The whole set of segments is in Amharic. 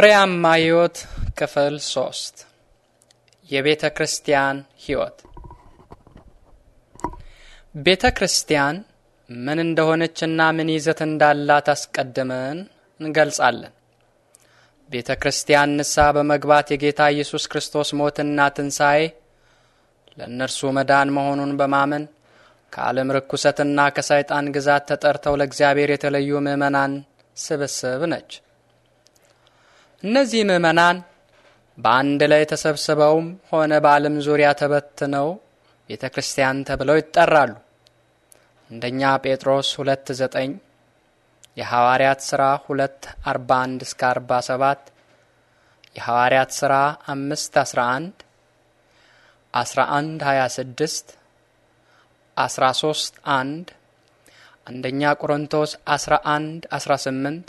ፍሬያማ ሕይወት ክፍል ሶስት የቤተ ክርስቲያን ሕይወት። ቤተ ክርስቲያን ምን እንደሆነችና ምን ይዘት እንዳላት አስቀድመን እንገልጻለን። ቤተ ክርስቲያን ንስሐ በመግባት የጌታ ኢየሱስ ክርስቶስ ሞትና ትንሣኤ ለእነርሱ መዳን መሆኑን በማመን ከዓለም ርኩሰትና ከሰይጣን ግዛት ተጠርተው ለእግዚአብሔር የተለዩ ምዕመናን ስብስብ ነች። እነዚህ ምዕመናን በአንድ ላይ ተሰብስበውም ሆነ በዓለም ዙሪያ ተበትነው ቤተ ክርስቲያን ተብለው ይጠራሉ። አንደኛ ጴጥሮስ ሁለት ዘጠኝ የሐዋርያት ሥራ ሁለት አርባ አንድ እስከ አርባ ሰባት የሐዋርያት ሥራ አምስት አስራ አንድ አስራ አንድ ሀያ ስድስት አስራ ሶስት አንድ አንደኛ ቆሮንቶስ አስራ አንድ አስራ ስምንት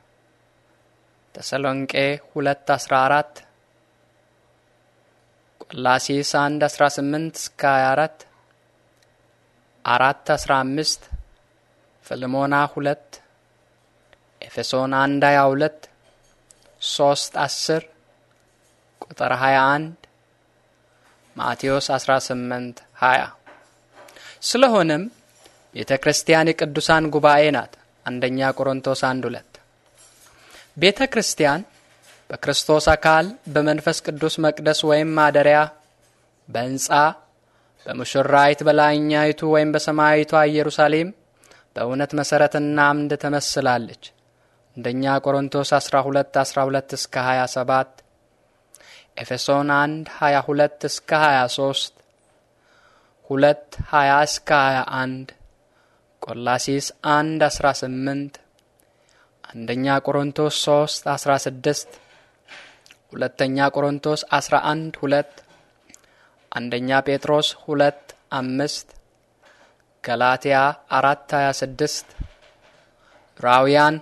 ተሰሎንቄ 2 14 ቆላሲስ 1 18 እስከ 24 4 15 ፍልሞና 2 ኤፌሶን 1 22 3 10 ቁጥር 21 ማቴዎስ 18 20 ስለሆነም ቤተ ክርስቲያን የቅዱሳን ጉባኤ ናት። አንደኛ ቆሮንቶስ 1 2 ቤተ ክርስቲያን በክርስቶስ አካል በመንፈስ ቅዱስ መቅደስ ወይም ማደሪያ በሕንፃ በሙሽራይት በላይኛይቱ ወይም በሰማያዊቷ ኢየሩሳሌም በእውነት መሠረትና አምድ ተመስላለች። አንደኛ ቆሮንቶስ 12 12 እስከ 27 ኤፌሶን 1 22 እስከ 23 2 20 እስከ 21 ቆላሲስ 1 18 አንደኛ ቆሮንቶስ 3 16 ሁለተኛ ቆሮንቶስ 11 2 አንደኛ ጴጥሮስ 2 5 ገላትያ 4 26 ራውያን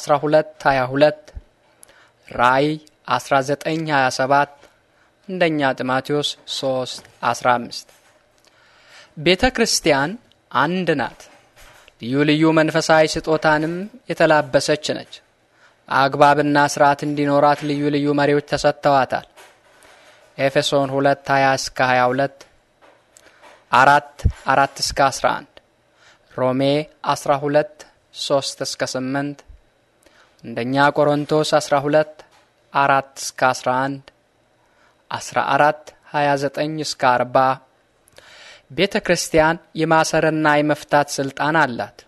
12 22 ራይ 19 27 አንደኛ ጢሞቴዎስ 3 15 ቤተ ክርስቲያን አንድ ናት ልዩ ልዩ መንፈሳዊ ስጦታንም የተላበሰች ነች። አግባብና ስርዓት እንዲኖራት ልዩ ልዩ መሪዎች ተሰጥተዋታል። ኤፌሶን 2 20 እስከ 22 አራት አራት እስከ 11 ሮሜ 12 3 እስከ 8 አንደኛ ቆሮንቶስ 12 4 እስከ 11 14 29 እስከ 40 ቤተ ክርስቲያን የማሰርና የመፍታት ስልጣን አላት።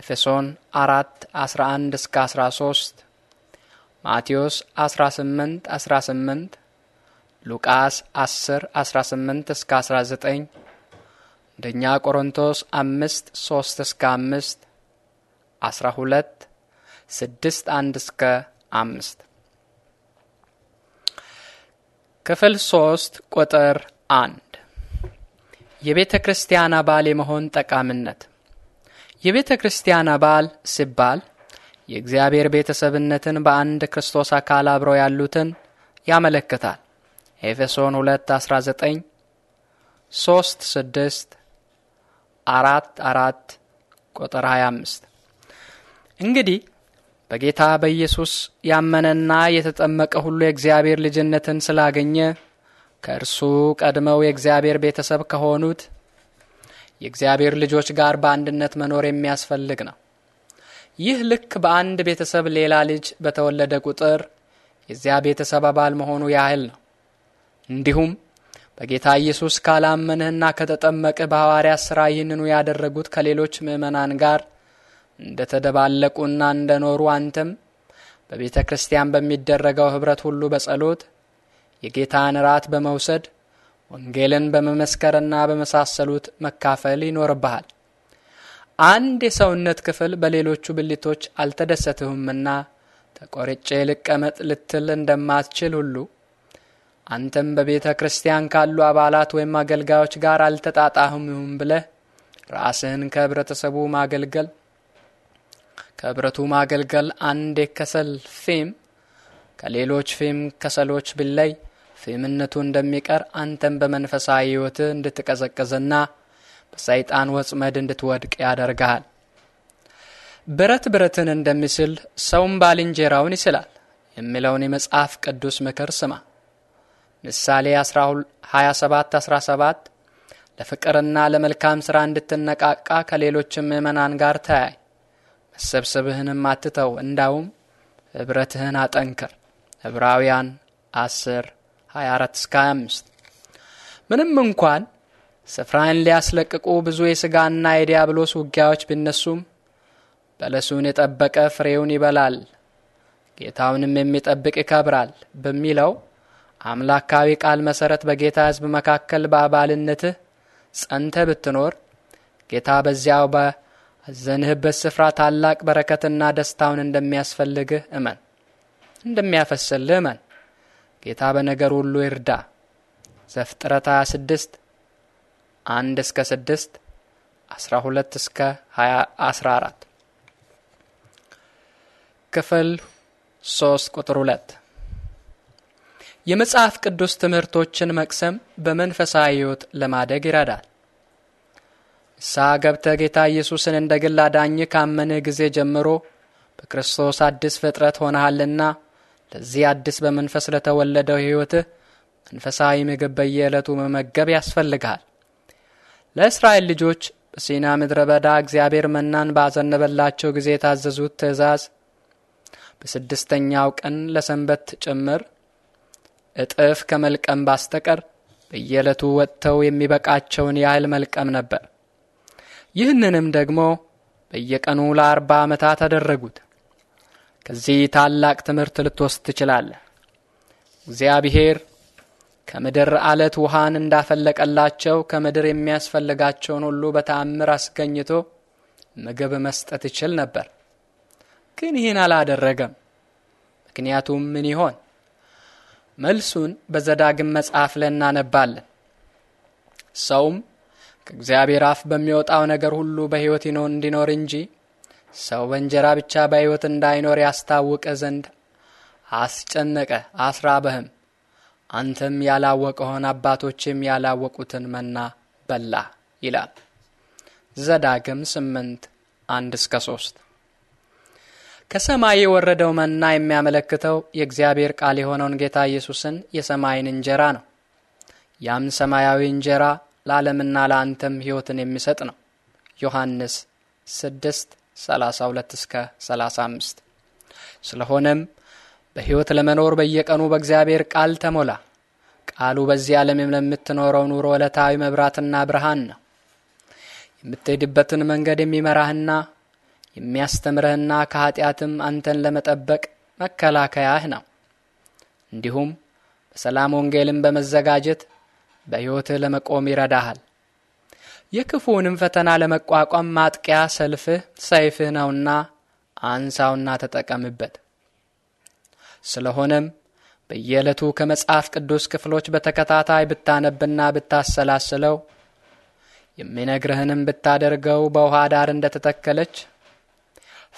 ኤፌሶን 4 11 እስከ 13 ማቴዎስ 18 18 ሉቃስ 10 18 እስከ 19 አንደኛ ቆሮንቶስ 5 3 እስከ 5 12 6 1 እስከ 5 ክፍል 3 ቁጥር 1 የቤተ ክርስቲያን አባል የመሆን ጠቃሚነት የቤተ ክርስቲያን አባል ሲባል የእግዚአብሔር ቤተሰብነትን በአንድ ክርስቶስ አካል አብረው ያሉትን ያመለክታል። ኤፌሶን 2 19 3 6 4 4 ቁጥር 25 እንግዲህ በጌታ በኢየሱስ ያመነና የተጠመቀ ሁሉ የእግዚአብሔር ልጅነትን ስላገኘ ከእርሱ ቀድመው የእግዚአብሔር ቤተሰብ ከሆኑት የእግዚአብሔር ልጆች ጋር በአንድነት መኖር የሚያስፈልግ ነው። ይህ ልክ በአንድ ቤተሰብ ሌላ ልጅ በተወለደ ቁጥር የዚያ ቤተሰብ አባል መሆኑ ያህል ነው። እንዲሁም በጌታ ኢየሱስ ካላመንህና ከተጠመቅህ በሐዋርያ ሥራ ይህንኑ ያደረጉት ከሌሎች ምዕመናን ጋር እንደ ተደባለቁና እንደ ኖሩ አንተም በቤተ ክርስቲያን በሚደረገው ኅብረት ሁሉ በጸሎት የጌታን ራት በመውሰድ ወንጌልን በመመስከርና በመሳሰሉት መካፈል ይኖርብሃል። አንድ የሰውነት ክፍል በሌሎቹ ብልቶች አልተደሰትሁምና ተቆርጬ ልቀመጥ ልትል እንደማትችል ሁሉ አንተም በቤተ ክርስቲያን ካሉ አባላት ወይም አገልጋዮች ጋር አልተጣጣህምም ብለህ ራስህን ከህብረተሰቡ ማገልገል ከህብረቱ ማገልገል አንድ የከሰል ፌም ከሌሎች ፌም ከሰሎች ቢለይ ፌምነቱ እንደሚቀር አንተም በመንፈሳዊ ሕይወት እንድትቀዘቅዝና በሰይጣን ወጽመድ እንድትወድቅ ያደርግሃል። ብረት ብረትን እንደሚስል ሰውም ባልንጀራውን ይስላል የሚለውን የመጽሐፍ ቅዱስ ምክር ስማ። ምሳሌ 27 17 ለፍቅርና ለመልካም ሥራ እንድትነቃቃ ከሌሎችም ምዕመናን ጋር ተያይ፣ መሰብሰብህንም አትተው፣ እንዳውም ኅብረትህን አጠንክር። ዕብራውያን 10 24 እስከ 25 ምንም እንኳን ስፍራን ሊያስለቅቁ ብዙ የሥጋና የዲያብሎስ ውጊያዎች ቢነሱም በለሱን የጠበቀ ፍሬውን ይበላል፣ ጌታውንም የሚጠብቅ ይከብራል በሚለው አምላካዊ ቃል መሠረት በጌታ ሕዝብ መካከል በአባልነትህ ጸንተ ብትኖር ጌታ በዚያው በአዘንህበት ስፍራ ታላቅ በረከትና ደስታውን እንደሚያስፈልግህ እመን እንደሚያፈስልህ እመን። ጌታ በነገር ሁሉ ይርዳ። ዘፍጥረት 26 1 እስከ 6 12 እስከ 14 ክፍል 3 ቁጥር 2 የመጽሐፍ ቅዱስ ትምህርቶችን መቅሰም በመንፈሳዊ ሕይወት ለማደግ ይረዳል። ንስሐ ገብተ ጌታ ኢየሱስን እንደ ግል አዳኝ ካመንህ ጊዜ ጀምሮ በክርስቶስ አዲስ ፍጥረት ሆነሃልና ለዚህ አዲስ በመንፈስ ለተወለደው ሕይወትህ መንፈሳዊ ምግብ በየዕለቱ መመገብ ያስፈልግሃል። ለእስራኤል ልጆች በሲና ምድረ በዳ እግዚአብሔር መናን ባዘነበላቸው ጊዜ የታዘዙት ትእዛዝ በስድስተኛው ቀን ለሰንበት ጭምር እጥፍ ከመልቀም ባስተቀር በየዕለቱ ወጥተው የሚበቃቸውን ያህል መልቀም ነበር። ይህንንም ደግሞ በየቀኑ ለአርባ ዓመታት አደረጉት። ከዚህ ታላቅ ትምህርት ልትወስድ ትችላለህ። እግዚአብሔር ከምድር አለት ውሃን እንዳፈለቀላቸው ከምድር የሚያስፈልጋቸውን ሁሉ በተአምር አስገኝቶ ምግብ መስጠት ይችል ነበር፣ ግን ይህን አላደረገም። ምክንያቱም ምን ይሆን? መልሱን በዘዳግም መጽሐፍ ላይ እናነባለን። ሰውም ከእግዚአብሔር አፍ በሚወጣው ነገር ሁሉ በሕይወት ይኖር እንዲኖር እንጂ ሰው በእንጀራ ብቻ በሕይወት እንዳይኖር ያስታውቀ ዘንድ አስጨነቀ አስራበህም። አንተም ያላወቀውን አባቶችም ያላወቁትን መና በላ ይላል ዘዳግም ስምንት አንድ እስከ ሶስት ከሰማይ የወረደው መና የሚያመለክተው የእግዚአብሔር ቃል የሆነውን ጌታ ኢየሱስን የሰማይን እንጀራ ነው። ያም ሰማያዊ እንጀራ ለዓለምና ለአንተም ሕይወትን የሚሰጥ ነው። ዮሐንስ ስድስት 32 እስከ 35 ስለሆነም በሕይወት ለመኖር በየቀኑ በእግዚአብሔር ቃል ተሞላ። ቃሉ በዚህ ዓለም ለምትኖረው ኑሮ ዕለታዊ መብራትና ብርሃን ነው። የምትሄድበትን መንገድ የሚመራህና የሚያስተምርህና ከኀጢአትም አንተን ለመጠበቅ መከላከያህ ነው። እንዲሁም በሰላም ወንጌልን በመዘጋጀት በሕይወትህ ለመቆም ይረዳሃል። የክፉውንም ፈተና ለመቋቋም ማጥቂያ ሰልፍህ ሰይፍህ ነውና አንሳውና ተጠቀምበት። ስለሆነም በየዕለቱ ከመጽሐፍ ቅዱስ ክፍሎች በተከታታይ ብታነብና ብታሰላስለው የሚነግርህንም ብታደርገው በውሃ ዳር እንደተተከለች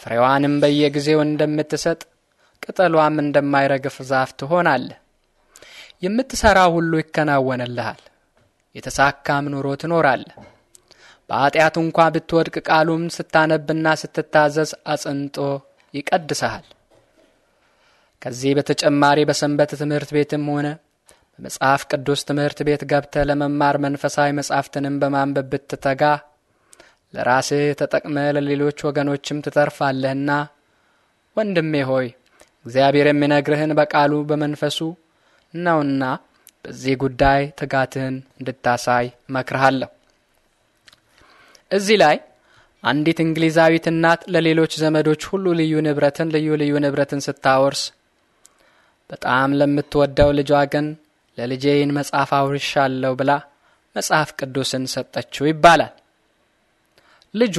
ፍሬዋንም በየጊዜው እንደምትሰጥ ቅጠሏም እንደማይረግፍ ዛፍ ትሆናለህ። የምትሠራው ሁሉ ይከናወንልሃል። የተሳካም ኑሮ ትኖራለህ። በኃጢአት እንኳ ብትወድቅ ቃሉም ስታነብና ስትታዘዝ አጽንጦ ይቀድሰሃል። ከዚህ በተጨማሪ በሰንበት ትምህርት ቤትም ሆነ በመጽሐፍ ቅዱስ ትምህርት ቤት ገብተ ለመማር መንፈሳዊ መጻሕፍትንም በማንበብ ብትተጋ ለራስህ ተጠቅመ ለሌሎች ወገኖችም ትተርፋለህና ወንድሜ ሆይ እግዚአብሔር የሚነግርህን በቃሉ በመንፈሱ ነውና በዚህ ጉዳይ ትጋትህን እንድታሳይ መክርሃለሁ። እዚህ ላይ አንዲት እንግሊዛዊት እናት ለሌሎች ዘመዶች ሁሉ ልዩ ንብረትን ልዩ ልዩ ንብረትን ስታወርስ በጣም ለምትወደው ልጇ ግን ለልጄን መጽሐፍ አውርሻለሁ ብላ መጽሐፍ ቅዱስን ሰጠችው ይባላል። ልጁ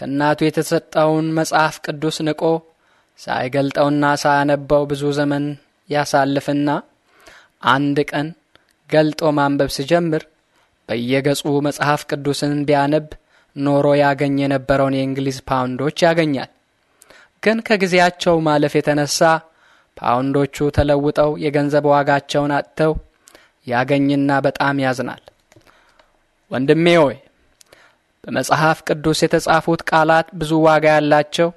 ከእናቱ የተሰጠውን መጽሐፍ ቅዱስ ንቆ ሳይገልጠውና ሳያነበው ብዙ ዘመን ያሳልፍና አንድ ቀን ገልጦ ማንበብ ሲጀምር በየገጹ መጽሐፍ ቅዱስን ቢያነብ ኖሮ ያገኝ የነበረውን የእንግሊዝ ፓውንዶች ያገኛል። ግን ከጊዜያቸው ማለፍ የተነሳ ፓውንዶቹ ተለውጠው የገንዘብ ዋጋቸውን አጥተው ያገኝና በጣም ያዝናል። ወንድሜ ሆይ በመጽሐፍ ቅዱስ የተጻፉት ቃላት ብዙ ዋጋ ያላቸው፣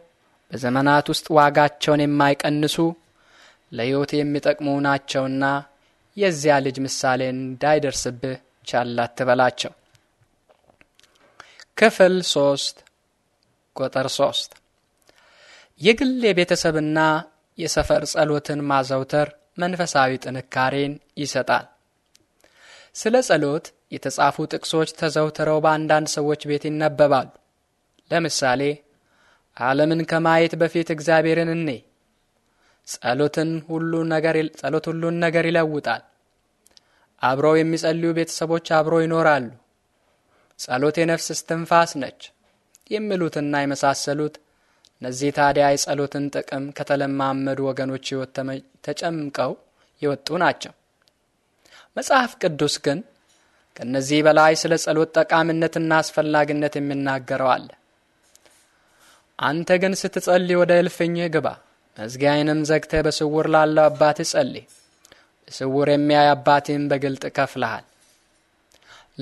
በዘመናት ውስጥ ዋጋቸውን የማይቀንሱ ለሕይወት የሚጠቅሙ ናቸውና የዚያ ልጅ ምሳሌ እንዳይደርስብህ ቻል አትበላቸው። ክፍል ሶስት ቁጥር ሶስት የግል የቤተሰብና የሰፈር ጸሎትን ማዘውተር መንፈሳዊ ጥንካሬን ይሰጣል። ስለ ጸሎት የተጻፉ ጥቅሶች ተዘውትረው በአንዳንድ ሰዎች ቤት ይነበባሉ። ለምሳሌ ዓለምን ከማየት በፊት እግዚአብሔርን እኔ ጸሎትን ሁሉ ነገር ጸሎት ሁሉን ነገር ይለውጣል። አብረው የሚጸልዩ ቤተሰቦች አብረው ይኖራሉ። ጸሎት የነፍስ እስትንፋስ ነች የሚሉትና የመሳሰሉት እነዚህ ታዲያ የጸሎትን ጥቅም ከተለማመዱ ወገኖች ሕይወት ተጨምቀው የወጡ ናቸው። መጽሐፍ ቅዱስ ግን ከእነዚህ በላይ ስለ ጸሎት ጠቃሚነትና አስፈላጊነት የሚናገረው አለ። አንተ ግን ስትጸልይ ወደ እልፍኝህ ግባ፣ መዝጊያህንም ዘግተህ በስውር ላለው አባትህ ጸልይ። በስውር የሚያይ አባትህም በግልጥ ከፍልሃል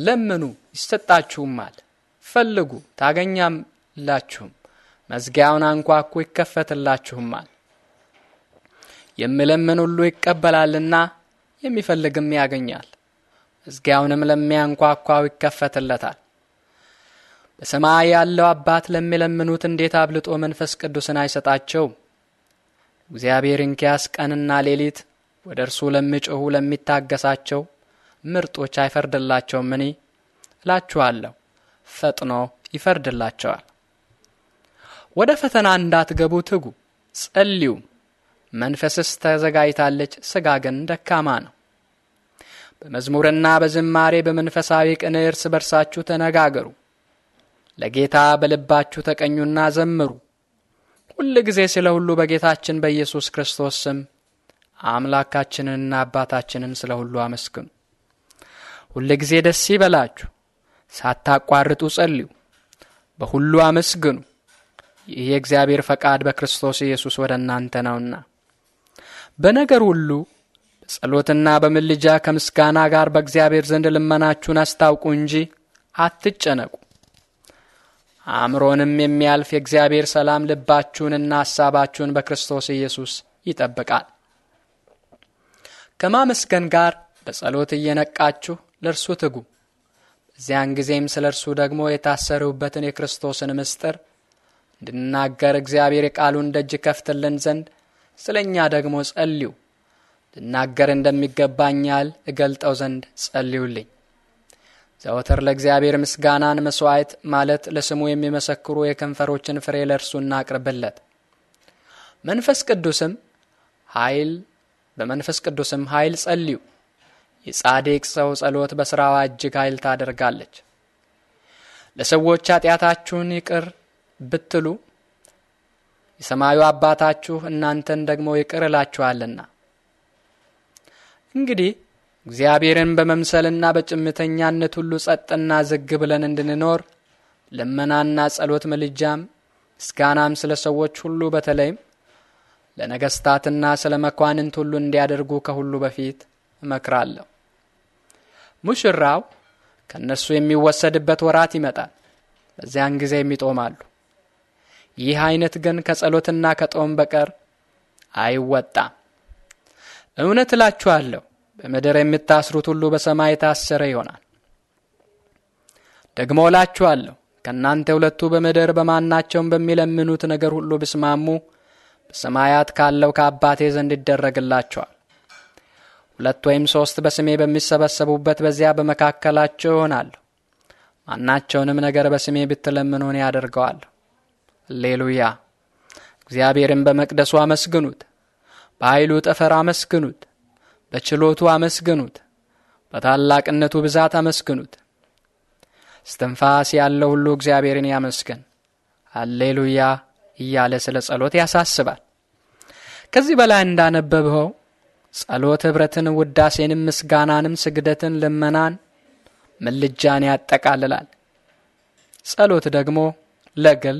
ለምኑ ይሰጣችሁማል፣ ፈልጉ ታገኛላችሁም፣ መዝጊያውን አንኳኩ ይከፈትላችሁማል። የሚለምን ሁሉ ይቀበላልና የሚፈልግም ያገኛል፣ መዝጊያውንም ለሚያንኳኳው ይከፈትለታል። በሰማይ ያለው አባት ለሚለምኑት እንዴት አብልጦ መንፈስ ቅዱስን አይሰጣቸው እግዚአብሔር እንኪያስ ቀንና ሌሊት ወደ እርሱ ለሚጮኹ ለሚታገሳቸው ምርጦች አይፈርድላቸውም እኔ እላችኋለሁ ፈጥኖ ይፈርድላቸዋል። ወደ ፈተና እንዳትገቡ ትጉ፣ ጸልዩም። መንፈስስ ተዘጋጅታለች፣ ሥጋ ግን ደካማ ነው። በመዝሙርና በዝማሬ በመንፈሳዊ ቅኔ እርስ በርሳችሁ ተነጋገሩ። ለጌታ በልባችሁ ተቀኙና ዘምሩ። ሁል ጊዜ ስለ ሁሉ በጌታችን በኢየሱስ ክርስቶስ ስም አምላካችንንና አባታችንን ስለ ሁሉ አመስግኑ። ጊዜ ደስ ይበላችሁ፣ ሳታቋርጡ ጸልዩ፣ በሁሉ አመስግኑ። ይህ የእግዚአብሔር ፈቃድ በክርስቶስ ኢየሱስ ወደ እናንተ ነውና። በነገር ሁሉ በጸሎትና በምልጃ ከምስጋና ጋር በእግዚአብሔር ዘንድ ልመናችሁን አስታውቁ እንጂ አትጨነቁ። አእምሮንም የሚያልፍ የእግዚአብሔር ሰላም ልባችሁንና ሐሳባችሁን በክርስቶስ ኢየሱስ ይጠብቃል። ከማመስገን ጋር በጸሎት እየነቃችሁ ለእርሱ ትጉ። በዚያን ጊዜም ስለ እርሱ ደግሞ የታሰሩበትን የክርስቶስን ምስጢር እንድናገር እግዚአብሔር የቃሉን ደጅ ከፍትልን ዘንድ ስለ እኛ ደግሞ ጸልዩ፣ ልናገር እንደሚገባኝ እገልጠው ዘንድ ጸልዩልኝ። ዘወትር ለእግዚአብሔር ምስጋናን መስዋዕት ማለት ለስሙ የሚመሰክሩ የከንፈሮችን ፍሬ ለእርሱ እናቅርብለት። መንፈስ ቅዱስም ኃይል በመንፈስ ቅዱስም ኃይል ጸልዩ የጻድቅ ሰው ጸሎት በሥራዋ እጅግ ኃይል ታደርጋለች። ለሰዎች ኃጢአታችሁን ይቅር ብትሉ የሰማዩ አባታችሁ እናንተን ደግሞ ይቅር እላችኋልና። እንግዲህ እግዚአብሔርን በመምሰልና በጭምተኛነት ሁሉ ጸጥና ዝግ ብለን እንድንኖር ልመናና ጸሎት፣ ምልጃም፣ ምስጋናም ስለ ሰዎች ሁሉ በተለይም ለነገሥታትና ስለ መኳንንት ሁሉ እንዲያደርጉ ከሁሉ በፊት እመክራለሁ። ሙሽራው ከእነሱ የሚወሰድበት ወራት ይመጣል። በዚያን ጊዜ ይጦማሉ። ይህ አይነት ግን ከጸሎትና ከጦም በቀር አይወጣም። እውነት እላችኋለሁ በምድር የምታስሩት ሁሉ በሰማይ የታሰረ ይሆናል። ደግሞ እላችኋለሁ ከእናንተ ሁለቱ በምድር በማናቸውም በሚለምኑት ነገር ሁሉ ብስማሙ በሰማያት ካለው ከአባቴ ዘንድ ይደረግላቸዋል። ሁለት ወይም ሦስት በስሜ በሚሰበሰቡበት በዚያ በመካከላቸው ይሆናለሁ። ማናቸውንም ነገር በስሜ ብትለምኑ እኔ አደርገዋለሁ። አሌሉያ! እግዚአብሔርን በመቅደሱ አመስግኑት። በኃይሉ ጠፈር አመስግኑት። በችሎቱ አመስግኑት። በታላቅነቱ ብዛት አመስግኑት። እስትንፋስ ያለው ሁሉ እግዚአብሔርን ያመስግን። አሌሉያ እያለ ስለ ጸሎት ያሳስባል። ከዚህ በላይ እንዳነበብኸው ጸሎት ኅብረትን፣ ውዳሴንም፣ ምስጋናንም፣ ስግደትን፣ ልመናን፣ ምልጃን ያጠቃልላል። ጸሎት ደግሞ ለግል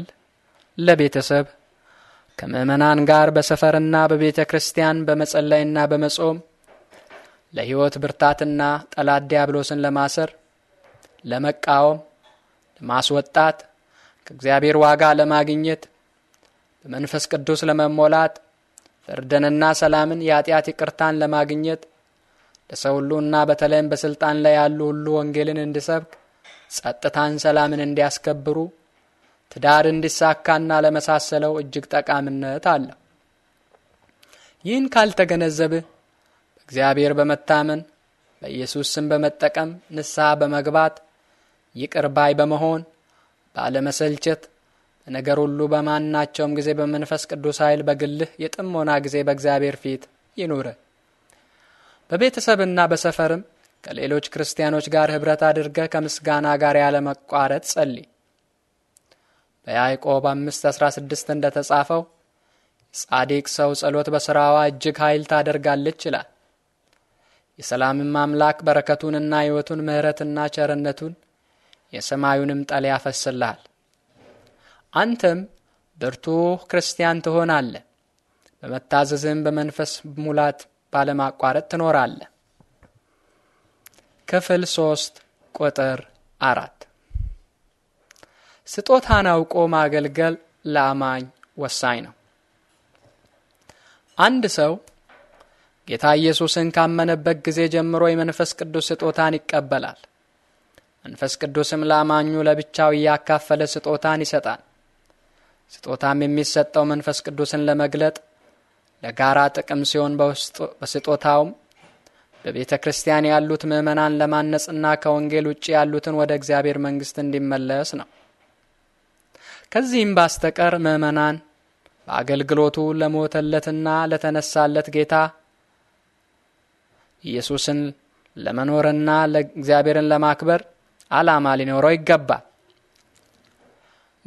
ለቤተሰብ ከምእመናን ጋር በሰፈርና በቤተ ክርስቲያን በመጸለይና በመጾም ለሕይወት ብርታትና ጠላት ዲያብሎስን ለማሰር ለመቃወም ለማስወጣት ከእግዚአብሔር ዋጋ ለማግኘት በመንፈስ ቅዱስ ለመሞላት ፍርድንና ሰላምን የኃጢአት ይቅርታን ለማግኘት ለሰው እና በተለይም በስልጣን ላይ ያሉ ሁሉ ወንጌልን እንዲሰብክ፣ ጸጥታን፣ ሰላምን እንዲያስከብሩ፣ ትዳር እንዲሳካና ለመሳሰለው እጅግ ጠቃሚነት አለው። ይህን ካልተገነዘብህ በእግዚአብሔር በመታመን በኢየሱስ ስም በመጠቀም ንስሐ በመግባት ይቅር ባይ በመሆን ባለመሰልቸት ነገር ሁሉ በማናቸውም ጊዜ በመንፈስ ቅዱስ ኃይል በግልህ የጥሞና ጊዜ በእግዚአብሔር ፊት ይኑር። በቤተሰብና በሰፈርም ከሌሎች ክርስቲያኖች ጋር ኅብረት አድርገህ ከምስጋና ጋር ያለመቋረጥ ጸልይ። በያዕቆብ እንደ እንደተጻፈው የጻድቅ ሰው ጸሎት በሥራዋ እጅግ ኃይል ታደርጋለች ይላል። የሰላምም አምላክ በረከቱንና ሕይወቱን ምሕረትና ቸርነቱን የሰማዩንም ጠል ያፈስልሃል። አንተም ብርቱ ክርስቲያን ትሆናለ በመታዘዝም በመንፈስ ሙላት ባለማቋረጥ ትኖራለ። ክፍል ሶስት ቁጥር አራት ስጦታን አውቆ ማገልገል ለአማኝ ወሳኝ ነው። አንድ ሰው ጌታ ኢየሱስን ካመነበት ጊዜ ጀምሮ የመንፈስ ቅዱስ ስጦታን ይቀበላል። መንፈስ ቅዱስም ለአማኙ ለብቻው እያካፈለ ስጦታን ይሰጣል። ስጦታም የሚሰጠው መንፈስ ቅዱስን ለመግለጥ ለጋራ ጥቅም ሲሆን በስጦታውም በቤተ ክርስቲያን ያሉት ምዕመናን ለማነጽና ከወንጌል ውጭ ያሉትን ወደ እግዚአብሔር መንግሥት እንዲመለስ ነው። ከዚህም ባስተቀር ምዕመናን በአገልግሎቱ ለሞተለትና ለተነሳለት ጌታ ኢየሱስን ለመኖርና ለእግዚአብሔርን ለማክበር ዓላማ ሊኖረው ይገባል።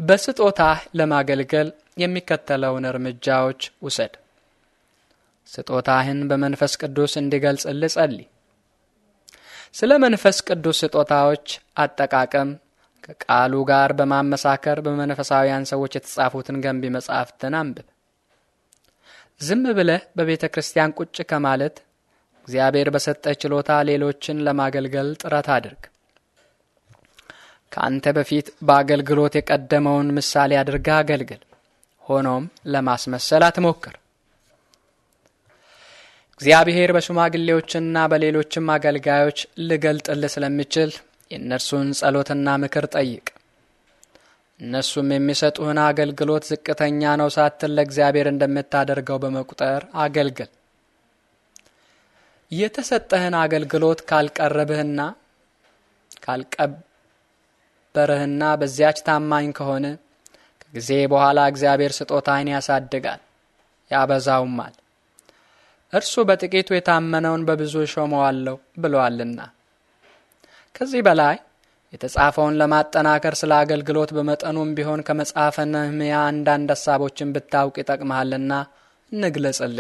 በስጦታህ ለማገልገል የሚከተለውን እርምጃዎች ውሰድ። ስጦታህን በመንፈስ ቅዱስ እንዲገልጽል ጸልይ። ስለ መንፈስ ቅዱስ ስጦታዎች አጠቃቀም ከቃሉ ጋር በማመሳከር በመንፈሳውያን ሰዎች የተጻፉትን ገንቢ መጻሕፍትን አንብብ። ዝም ብለህ በቤተ ክርስቲያን ቁጭ ከማለት እግዚአብሔር በሰጠህ ችሎታ ሌሎችን ለማገልገል ጥረት አድርግ። ከአንተ በፊት በአገልግሎት የቀደመውን ምሳሌ አድርጋ አገልግል። ሆኖም ለማስመሰል አትሞክር። እግዚአብሔር በሽማግሌዎችና በሌሎችም አገልጋዮች ልገልጥል ስለሚችል የእነርሱን ጸሎትና ምክር ጠይቅ። እነሱም የሚሰጡህን አገልግሎት ዝቅተኛ ነው ሳትል ለእግዚአብሔር እንደምታደርገው በመቁጠር አገልግል። የተሰጠህን አገልግሎት ካልቀረብህና በርህና በዚያች ታማኝ ከሆነ ከጊዜ በኋላ እግዚአብሔር ስጦታህን ያሳድጋል ያበዛውማል። እርሱ በጥቂቱ የታመነውን በብዙ ሾመዋለሁ ብለዋልና ከዚህ በላይ የተጻፈውን ለማጠናከር ስለ አገልግሎት በመጠኑም ቢሆን ከመጽሐፈ ነህምያ አንዳንድ ሀሳቦችን ብታውቅ ይጠቅመሃልና እንግለጽል።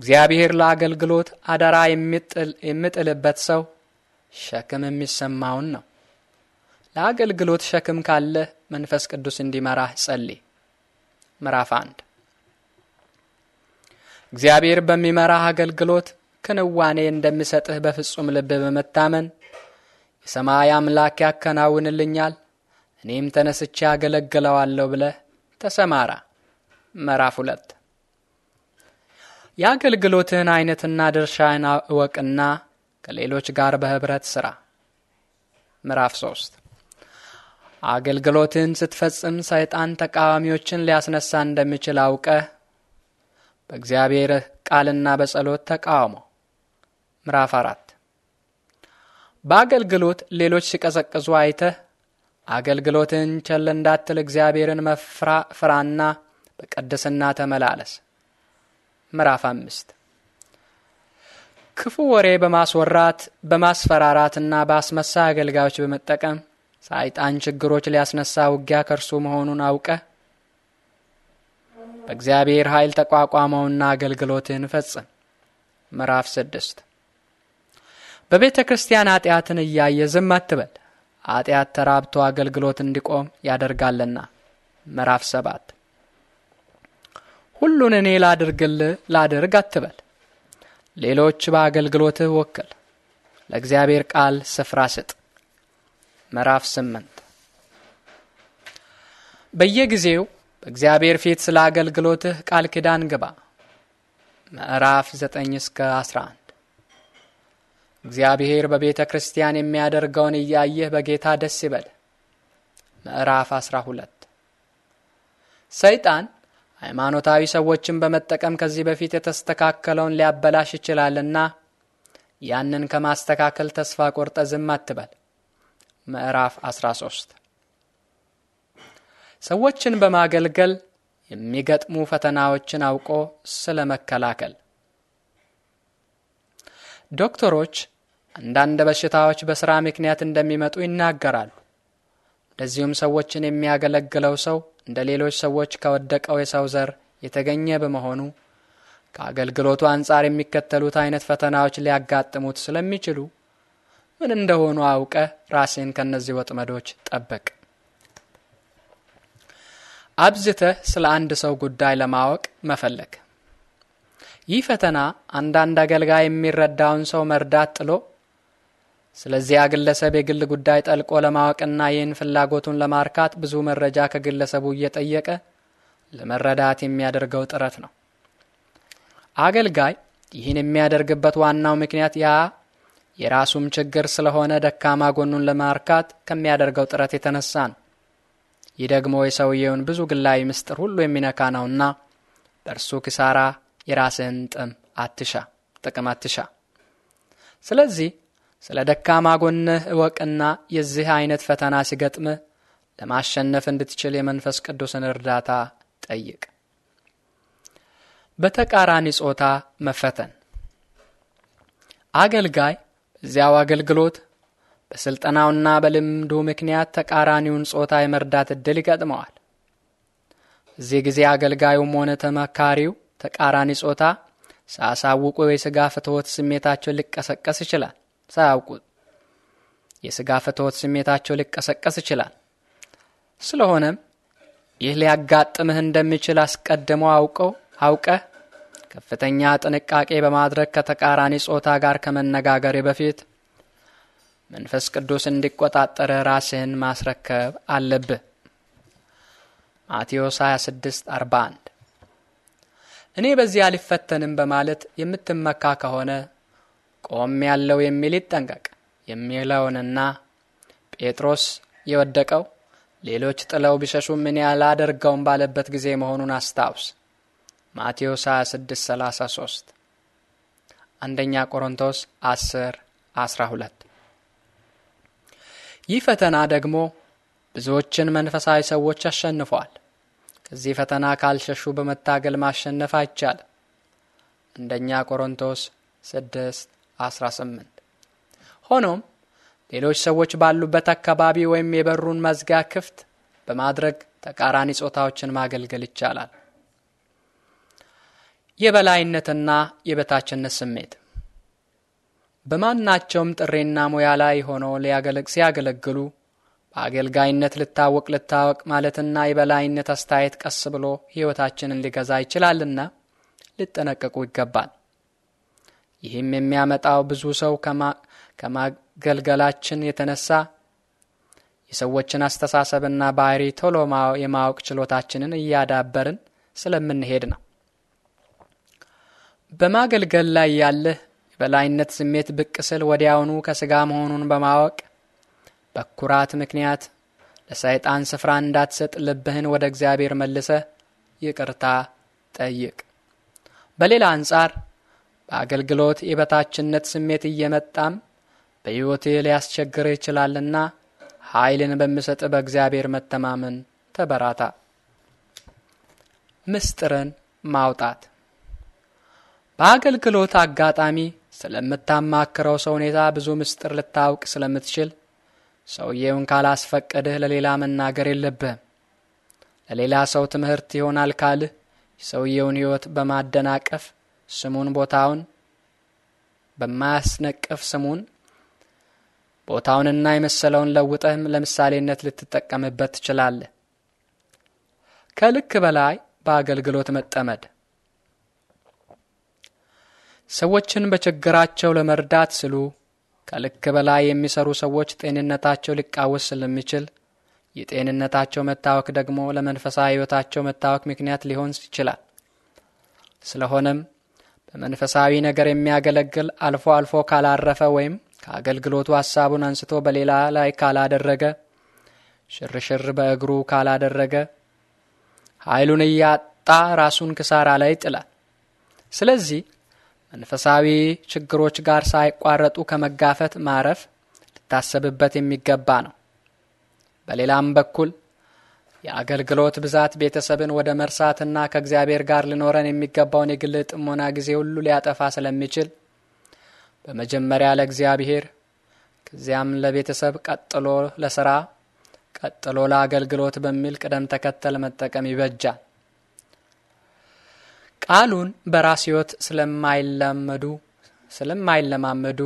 እግዚአብሔር ለአገልግሎት አደራ የሚጥልበት ሰው ሸክም የሚሰማውን ነው። ለአገልግሎት ሸክም ካለ መንፈስ ቅዱስ እንዲመራህ ጸልይ። ምዕራፍ አንድ እግዚአብሔር በሚመራህ አገልግሎት ክንዋኔ እንደሚሰጥህ በፍጹም ልብ በመታመን የሰማይ አምላክ ያከናውንልኛል፣ እኔም ተነስቼ አገለግለዋለሁ ብለህ ተሰማራ። ምዕራፍ ሁለት የአገልግሎትህን አይነትና ድርሻህን እወቅና ከሌሎች ጋር በህብረት ስራ። ምዕራፍ ሶስት አገልግሎትን ስትፈጽም ሰይጣን ተቃዋሚዎችን ሊያስነሳ እንደሚችል አውቀ በእግዚአብሔር ቃልና በጸሎት ተቃውሞ። ምዕራፍ አራት በአገልግሎት ሌሎች ሲቀዘቅዙ አይተህ አገልግሎትን ቸል እንዳትል እግዚአብሔርን መፍራ ፍራና በቅድስና ተመላለስ። ምዕራፍ አምስት ክፉ ወሬ በማስወራት በማስፈራራትና በአስመሳይ አገልጋዮች በመጠቀም ሳይጣን ችግሮች ሊያስነሳ ውጊያ ከእርሱ መሆኑን አውቀ በእግዚአብሔር ኃይል ተቋቋመውና አገልግሎትን ፈጽም። ምዕራፍ ስድስት በቤተ ክርስቲያን ኃጢአትን እያየ ዝም አትበል። ኃጢአት ተራብቶ አገልግሎት እንዲቆም ያደርጋልና። ምዕራፍ ሰባት ሁሉን እኔ ላድርግልህ ላድርግ አትበል። ሌሎች በአገልግሎትህ ወክል። ለእግዚአብሔር ቃል ስፍራ ስጥ። ምዕራፍ ስምንት በየጊዜው በእግዚአብሔር ፊት ስለ አገልግሎትህ ቃል ኪዳን ግባ። ምዕራፍ 9 እስከ 11 እግዚአብሔር በቤተ ክርስቲያን የሚያደርገውን እያየህ በጌታ ደስ ይበል። ምዕራፍ 12 ሰይጣን ሃይማኖታዊ ሰዎችን በመጠቀም ከዚህ በፊት የተስተካከለውን ሊያበላሽ ይችላልና ያንን ከማስተካከል ተስፋ ቆርጠ ዝም አትበል። ምዕራፍ 13 ሰዎችን በማገልገል የሚገጥሙ ፈተናዎችን አውቆ ስለ መከላከል ዶክተሮች አንዳንድ በሽታዎች በሥራ ምክንያት እንደሚመጡ ይናገራሉ። እንደዚሁም ሰዎችን የሚያገለግለው ሰው እንደ ሌሎች ሰዎች ከወደቀው የሰው ዘር የተገኘ በመሆኑ ከአገልግሎቱ አንጻር የሚከተሉት አይነት ፈተናዎች ሊያጋጥሙት ስለሚችሉ ምን እንደሆኑ አውቀ ራሴን ከእነዚህ ወጥመዶች ጠበቅ። አብዝተህ ስለ አንድ ሰው ጉዳይ ለማወቅ መፈለግ። ይህ ፈተና አንዳንድ አገልጋይ የሚረዳውን ሰው መርዳት ጥሎ ስለዚያ ግለሰብ የግል ጉዳይ ጠልቆ ለማወቅና ይህን ፍላጎቱን ለማርካት ብዙ መረጃ ከግለሰቡ እየጠየቀ ለመረዳት የሚያደርገው ጥረት ነው። አገልጋይ ይህን የሚያደርግበት ዋናው ምክንያት ያ የራሱም ችግር ስለሆነ ደካማ ጎኑን ለማርካት ከሚያደርገው ጥረት የተነሳ ነው። ይህ ደግሞ የሰውየውን ብዙ ግላዊ ምስጢር ሁሉ የሚነካ ነውና በእርሱ ክሳራ የራስህን ጥም አትሻ ጥቅም አትሻ። ስለዚህ ስለ ደካማ ጎንህ እወቅና የዚህ አይነት ፈተና ሲገጥምህ ለማሸነፍ እንድትችል የመንፈስ ቅዱስን እርዳታ ጠይቅ። በተቃራኒ ጾታ መፈተን አገልጋይ እዚያው አገልግሎት በሥልጠናውና በልምዱ ምክንያት ተቃራኒውን ጾታ የመርዳት እድል ይገጥመዋል። እዚህ ጊዜ አገልጋዩም ሆነ ተመካሪው ተቃራኒ ጾታ ሳያሳውቁ የሥጋ ፍትወት ስሜታቸው ሊቀሰቀስ ይችላል። ሳያውቁት የስጋ ፍትወት ስሜታቸው ሊቀሰቀስ ይችላል። ስለሆነም ይህ ሊያጋጥምህ እንደሚችል አስቀድመው አውቀው አውቀህ ከፍተኛ ጥንቃቄ በማድረግ ከተቃራኒ ጾታ ጋር ከመነጋገር በፊት መንፈስ ቅዱስ እንዲቆጣጠረ ራስህን ማስረከብ አለብህ። ማቴዎስ 41 እኔ በዚህ አልፈተንም በማለት የምትመካ ከሆነ ቆም ያለው የሚል ይጠንቀቅ የሚለውንና ጴጥሮስ የወደቀው ሌሎች ጥለው ቢሸሹም ያህል አደርገውን ባለበት ጊዜ መሆኑን አስታውስ። ማቴዎስ 2633 አንደኛ ቆሮንቶስ 10 12 ይህ ፈተና ደግሞ ብዙዎችን መንፈሳዊ ሰዎች አሸንፏል። ከዚህ ፈተና ካልሸሹ በመታገል ማሸነፍ አይቻልም። አንደኛ ቆሮንቶስ 6 18 ሆኖም ሌሎች ሰዎች ባሉበት አካባቢ ወይም የበሩን መዝጊያ ክፍት በማድረግ ተቃራኒ ጾታዎችን ማገልገል ይቻላል። የበላይነትና የበታችነት ስሜት በማናቸውም ጥሬና ሙያ ላይ ሆኖ ሲያገለግሉ በአገልጋይነት ልታወቅ ልታወቅ ማለትና የበላይነት አስተያየት ቀስ ብሎ ሕይወታችንን ሊገዛ ይችላልና ሊጠነቀቁ ይገባል። ይህም የሚያመጣው ብዙ ሰው ከማገልገላችን የተነሳ የሰዎችን አስተሳሰብና ባህሪ ቶሎ የማወቅ ችሎታችንን እያዳበርን ስለምንሄድ ነው። በማገልገል ላይ ያለህ የበላይነት ስሜት ብቅ ስል ወዲያውኑ ከሥጋ መሆኑን በማወቅ በኩራት ምክንያት ለሰይጣን ስፍራ እንዳትሰጥ ልብህን ወደ እግዚአብሔር መልሰ ይቅርታ ጠይቅ። በሌላ አንጻር በአገልግሎት የበታችነት ስሜት እየመጣም በሕይወቴ ሊያስቸግርህ ይችላልና ኃይልን በሚሰጥ በእግዚአብሔር መተማመን ተበራታ። ምስጢርን ማውጣት በአገልግሎት አጋጣሚ ስለምታማክረው ሰው ሁኔታ ብዙ ምስጢር ልታውቅ ስለምትችል ሰውየውን ካላስፈቀድህ ለሌላ መናገር የለብህም። ለሌላ ሰው ትምህርት ይሆናል ካልህ የሰውየውን ሕይወት በማደናቀፍ ስሙን ቦታውን በማያስነቅፍ ስሙን ቦታውንና የመሰለውን ለውጠህም ለምሳሌነት ልትጠቀምበት ትችላለህ። ከልክ በላይ በአገልግሎት መጠመድ ሰዎችን በችግራቸው ለመርዳት ስሉ ከልክ በላይ የሚሰሩ ሰዎች ጤንነታቸው ሊቃወስ ስለሚችል የጤንነታቸው መታወክ ደግሞ ለመንፈሳዊ ሕይወታቸው መታወክ ምክንያት ሊሆን ይችላል። ስለሆነም በመንፈሳዊ ነገር የሚያገለግል አልፎ አልፎ ካላረፈ ወይም ከአገልግሎቱ ሐሳቡን አንስቶ በሌላ ላይ ካላደረገ፣ ሽርሽር በእግሩ ካላደረገ፣ ኃይሉን እያጣ ራሱን ክሳራ ላይ ይጥላል። ስለዚህ መንፈሳዊ ችግሮች ጋር ሳይቋረጡ ከመጋፈት ማረፍ ሊታሰብበት የሚገባ ነው። በሌላም በኩል የአገልግሎት ብዛት ቤተሰብን ወደ መርሳትና ከእግዚአብሔር ጋር ሊኖረን የሚገባውን የግል ጥሞና ጊዜ ሁሉ ሊያጠፋ ስለሚችል በመጀመሪያ ለእግዚአብሔር ከዚያም ለቤተሰብ ቀጥሎ ለስራ ቀጥሎ ለአገልግሎት በሚል ቅደም ተከተል መጠቀም ይበጃል። ቃሉን በራስ ሕይወት ስለማይለመዱ ስለማይለማመዱ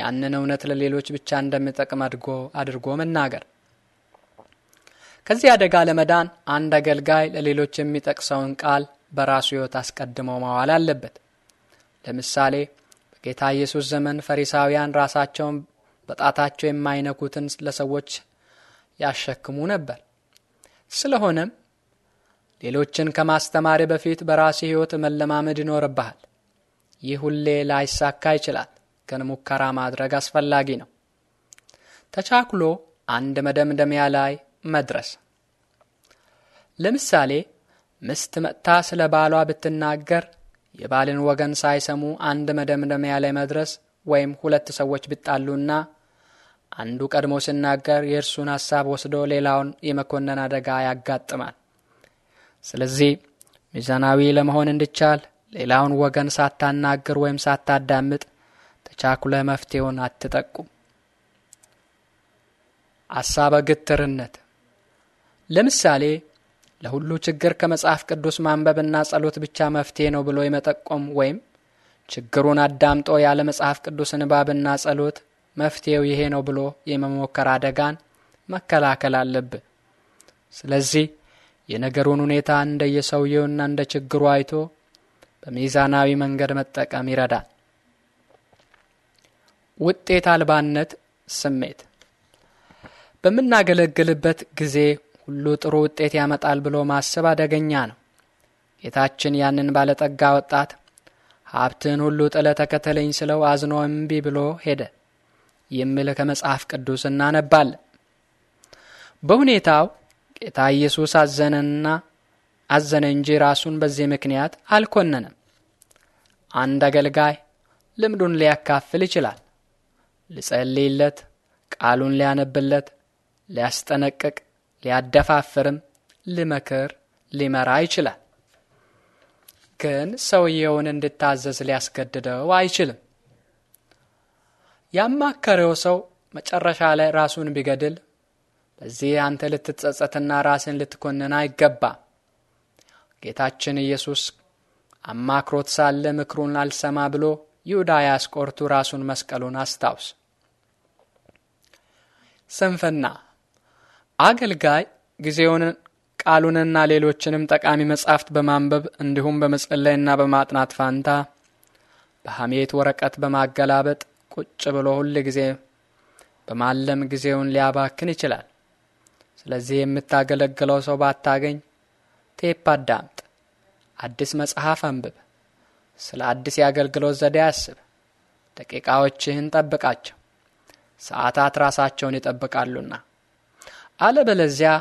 ያንን እውነት ለሌሎች ብቻ እንደሚጠቅም አድርጎ አድርጎ መናገር። ከዚህ አደጋ ለመዳን አንድ አገልጋይ ለሌሎች የሚጠቅሰውን ቃል በራሱ ሕይወት አስቀድሞ ማዋል አለበት። ለምሳሌ በጌታ ኢየሱስ ዘመን ፈሪሳውያን ራሳቸውን በጣታቸው የማይነኩትን ለሰዎች ያሸክሙ ነበር። ስለሆነም ሌሎችን ከማስተማር በፊት በራሴ ሕይወት መለማመድ ይኖርብሃል። ይህ ሁሌ ላይሳካ ይችላል፣ ግን ሙከራ ማድረግ አስፈላጊ ነው። ተቻክሎ አንድ መደምደሚያ ላይ መድረስ ለምሳሌ ምስት መጥታ ስለ ባሏ ብትናገር የባልን ወገን ሳይሰሙ አንድ መደምደሚያ ላይ መድረስ ወይም ሁለት ሰዎች ቢጣሉና አንዱ ቀድሞ ሲናገር የእርሱን ሐሳብ ወስዶ ሌላውን የመኮነን አደጋ ያጋጥማል። ስለዚህ ሚዛናዊ ለመሆን እንዲቻል ሌላውን ወገን ሳታናግር ወይም ሳታዳምጥ ተቻኩለ መፍትሄውን አትጠቁም። አሳበ ግትርነት ለምሳሌ ለሁሉ ችግር ከመጽሐፍ ቅዱስ ማንበብና ጸሎት ብቻ መፍትሄ ነው ብሎ የመጠቆም ወይም ችግሩን አዳምጦ ያለ መጽሐፍ ቅዱስ ንባብና ጸሎት መፍትሄው ይሄ ነው ብሎ የመሞከር አደጋን መከላከል አለብን ስለዚህ የነገሩን ሁኔታ እንደ የሰውየውና እንደ ችግሩ አይቶ በሚዛናዊ መንገድ መጠቀም ይረዳል። ውጤት አልባነት ስሜት በምናገለግልበት ጊዜ ሁሉ ጥሩ ውጤት ያመጣል ብሎ ማሰብ አደገኛ ነው። ጌታችን ያንን ባለጠጋ ወጣት ሀብትን ሁሉ ጥለ ተከተለኝ ስለው አዝኖ እምቢ ብሎ ሄደ የሚል ከመጽሐፍ ቅዱስ እናነባለን። በሁኔታው ጌታ ኢየሱስ አዘነና አዘነ እንጂ ራሱን በዚህ ምክንያት አልኮነንም። አንድ አገልጋይ ልምዱን ሊያካፍል ይችላል። ሊጸልይለት፣ ቃሉን ሊያነብለት፣ ሊያስጠነቅቅ፣ ሊያደፋፍርም፣ ሊመክር፣ ሊመራ ይችላል። ግን ሰውየውን እንድታዘዝ ሊያስገድደው አይችልም። ያማከረው ሰው መጨረሻ ላይ ራሱን ቢገድል በዚህ አንተ ልትጸጸትና ራስን ልትኮንን አይገባ። ጌታችን ኢየሱስ አማክሮት ሳለ ምክሩን አልሰማ ብሎ ይሁዳ ያስቆርቱ ራሱን መስቀሉን አስታውስ። ስንፍና አገልጋይ ጊዜውን ቃሉንና ሌሎችንም ጠቃሚ መጻሕፍት በማንበብ እንዲሁም በመጸለይና በማጥናት ፋንታ በሐሜት ወረቀት በማገላበጥ ቁጭ ብሎ ሁል ጊዜ በማለም ጊዜውን ሊያባክን ይችላል። ስለዚህ የምታገለግለው ሰው ባታገኝ ቴፕ አዳምጥ፣ አዲስ መጽሐፍ አንብብ፣ ስለ አዲስ የአገልግሎት ዘዴ አስብ። ደቂቃዎችህን ጠብቃቸው፣ ሰዓታት ራሳቸውን ይጠብቃሉና። አለበለዚያ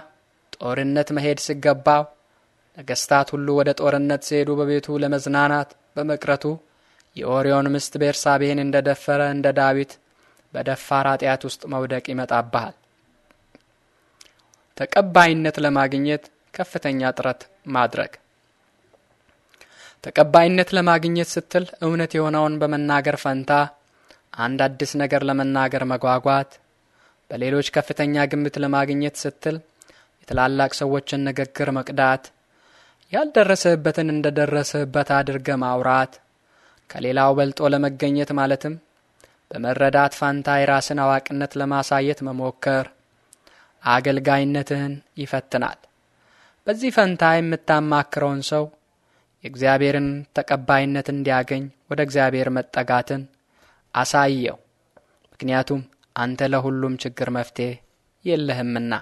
ጦርነት መሄድ ሲገባው ነገስታት ሁሉ ወደ ጦርነት ሲሄዱ በቤቱ ለመዝናናት በመቅረቱ የኦሪዮን ምስት ቤርሳቤህን እንደ ደፈረ እንደ ዳዊት በደፋር ኃጢአት ውስጥ መውደቅ ይመጣብሃል። ተቀባይነት ለማግኘት ከፍተኛ ጥረት ማድረግ ተቀባይነት ለማግኘት ስትል እውነት የሆነውን በመናገር ፈንታ አንድ አዲስ ነገር ለመናገር መጓጓት፣ በሌሎች ከፍተኛ ግምት ለማግኘት ስትል የትላላቅ ሰዎችን ንግግር መቅዳት፣ ያልደረሰህበትን እንደ ደረሰህበት አድርገ ማውራት፣ ከሌላው በልጦ ለመገኘት ማለትም በመረዳት ፋንታ የራስን አዋቂነት ለማሳየት መሞከር አገልጋይነትህን ይፈትናል። በዚህ ፈንታ የምታማክረውን ሰው የእግዚአብሔርን ተቀባይነት እንዲያገኝ ወደ እግዚአብሔር መጠጋትን አሳየው። ምክንያቱም አንተ ለሁሉም ችግር መፍትሄ የለህምና።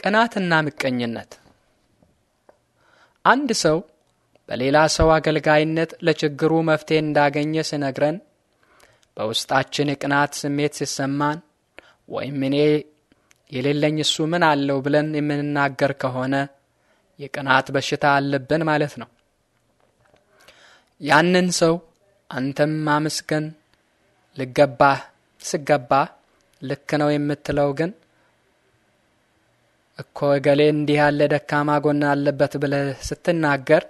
ቅናትና ምቀኝነት አንድ ሰው በሌላ ሰው አገልጋይነት ለችግሩ መፍትሄ እንዳገኘ ሲነግረን፣ በውስጣችን የቅናት ስሜት ሲሰማን ወይም እኔ የሌለኝ እሱ ምን አለው ብለን የምንናገር ከሆነ የቅናት በሽታ አለብን ማለት ነው። ያንን ሰው አንተም ማመስገን ልገባህ ስገባ ልክ ነው የምትለው ግን እኮ እገሌ እንዲህ ያለ ደካማ ጎን አለበት ብለህ ስትናገር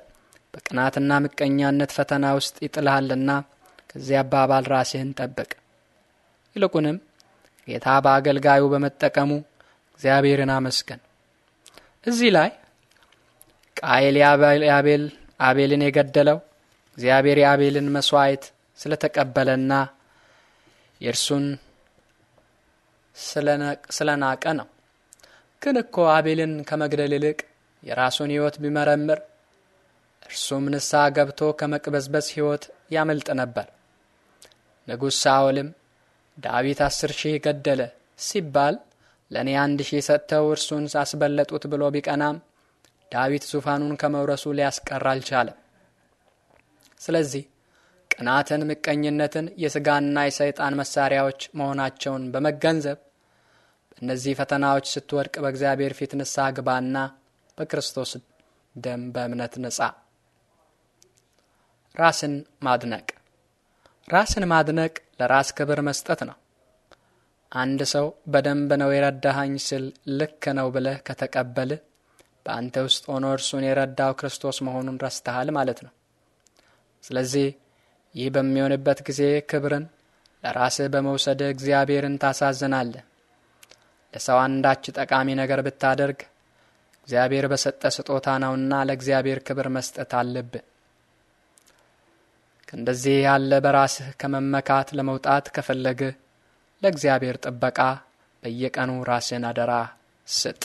በቅናትና ምቀኛነት ፈተና ውስጥ ይጥልሃልና ከዚያ አባባል ራስህን ጠብቅ። ይልቁንም ጌታ በአገልጋዩ በመጠቀሙ እግዚአብሔርን አመስገን። እዚህ ላይ ቃየል ያቤል አቤልን የገደለው እግዚአብሔር የአቤልን ስለ ስለተቀበለና የእርሱን ስለናቀ ነው። ግን እኮ አቤልን ከመግደል ይልቅ የራሱን ሕይወት ቢመረምር እርሱም ንስሐ ገብቶ ከመቅበዝበዝ ሕይወት ያመልጥ ነበር። ንጉሥ ሳኦልም ዳዊት አስር ሺህ ገደለ ሲባል ለእኔ አንድ ሺህ ሰጥተው እርሱን አስበለጡት ብሎ ቢቀናም ዳዊት ዙፋኑን ከመውረሱ ሊያስቀር አልቻለም። ስለዚህ ቅናትን፣ ምቀኝነትን የሥጋና የሰይጣን መሳሪያዎች መሆናቸውን በመገንዘብ በእነዚህ ፈተናዎች ስትወድቅ በእግዚአብሔር ፊት ንስሐ ግባና በክርስቶስ ደም በእምነት ንጻ። ራስን ማድነቅ ራስን ማድነቅ ለራስ ክብር መስጠት ነው። አንድ ሰው በደንብ ነው የረዳሃኝ ስል ልክ ነው ብለህ ከተቀበል በአንተ ውስጥ ሆኖ እርሱን የረዳው ክርስቶስ መሆኑን ረስተሃል ማለት ነው። ስለዚህ ይህ በሚሆንበት ጊዜ ክብርን ለራስህ በመውሰድ እግዚአብሔርን ታሳዝናለህ። ለሰው አንዳች ጠቃሚ ነገር ብታደርግ እግዚአብሔር በሰጠ ስጦታ ነውና ለእግዚአብሔር ክብር መስጠት አለብህ። ከእንደዚህ ያለ በራስህ ከመመካት ለመውጣት ከፈለግህ ለእግዚአብሔር ጥበቃ በየቀኑ ራስን አደራ ስጥ።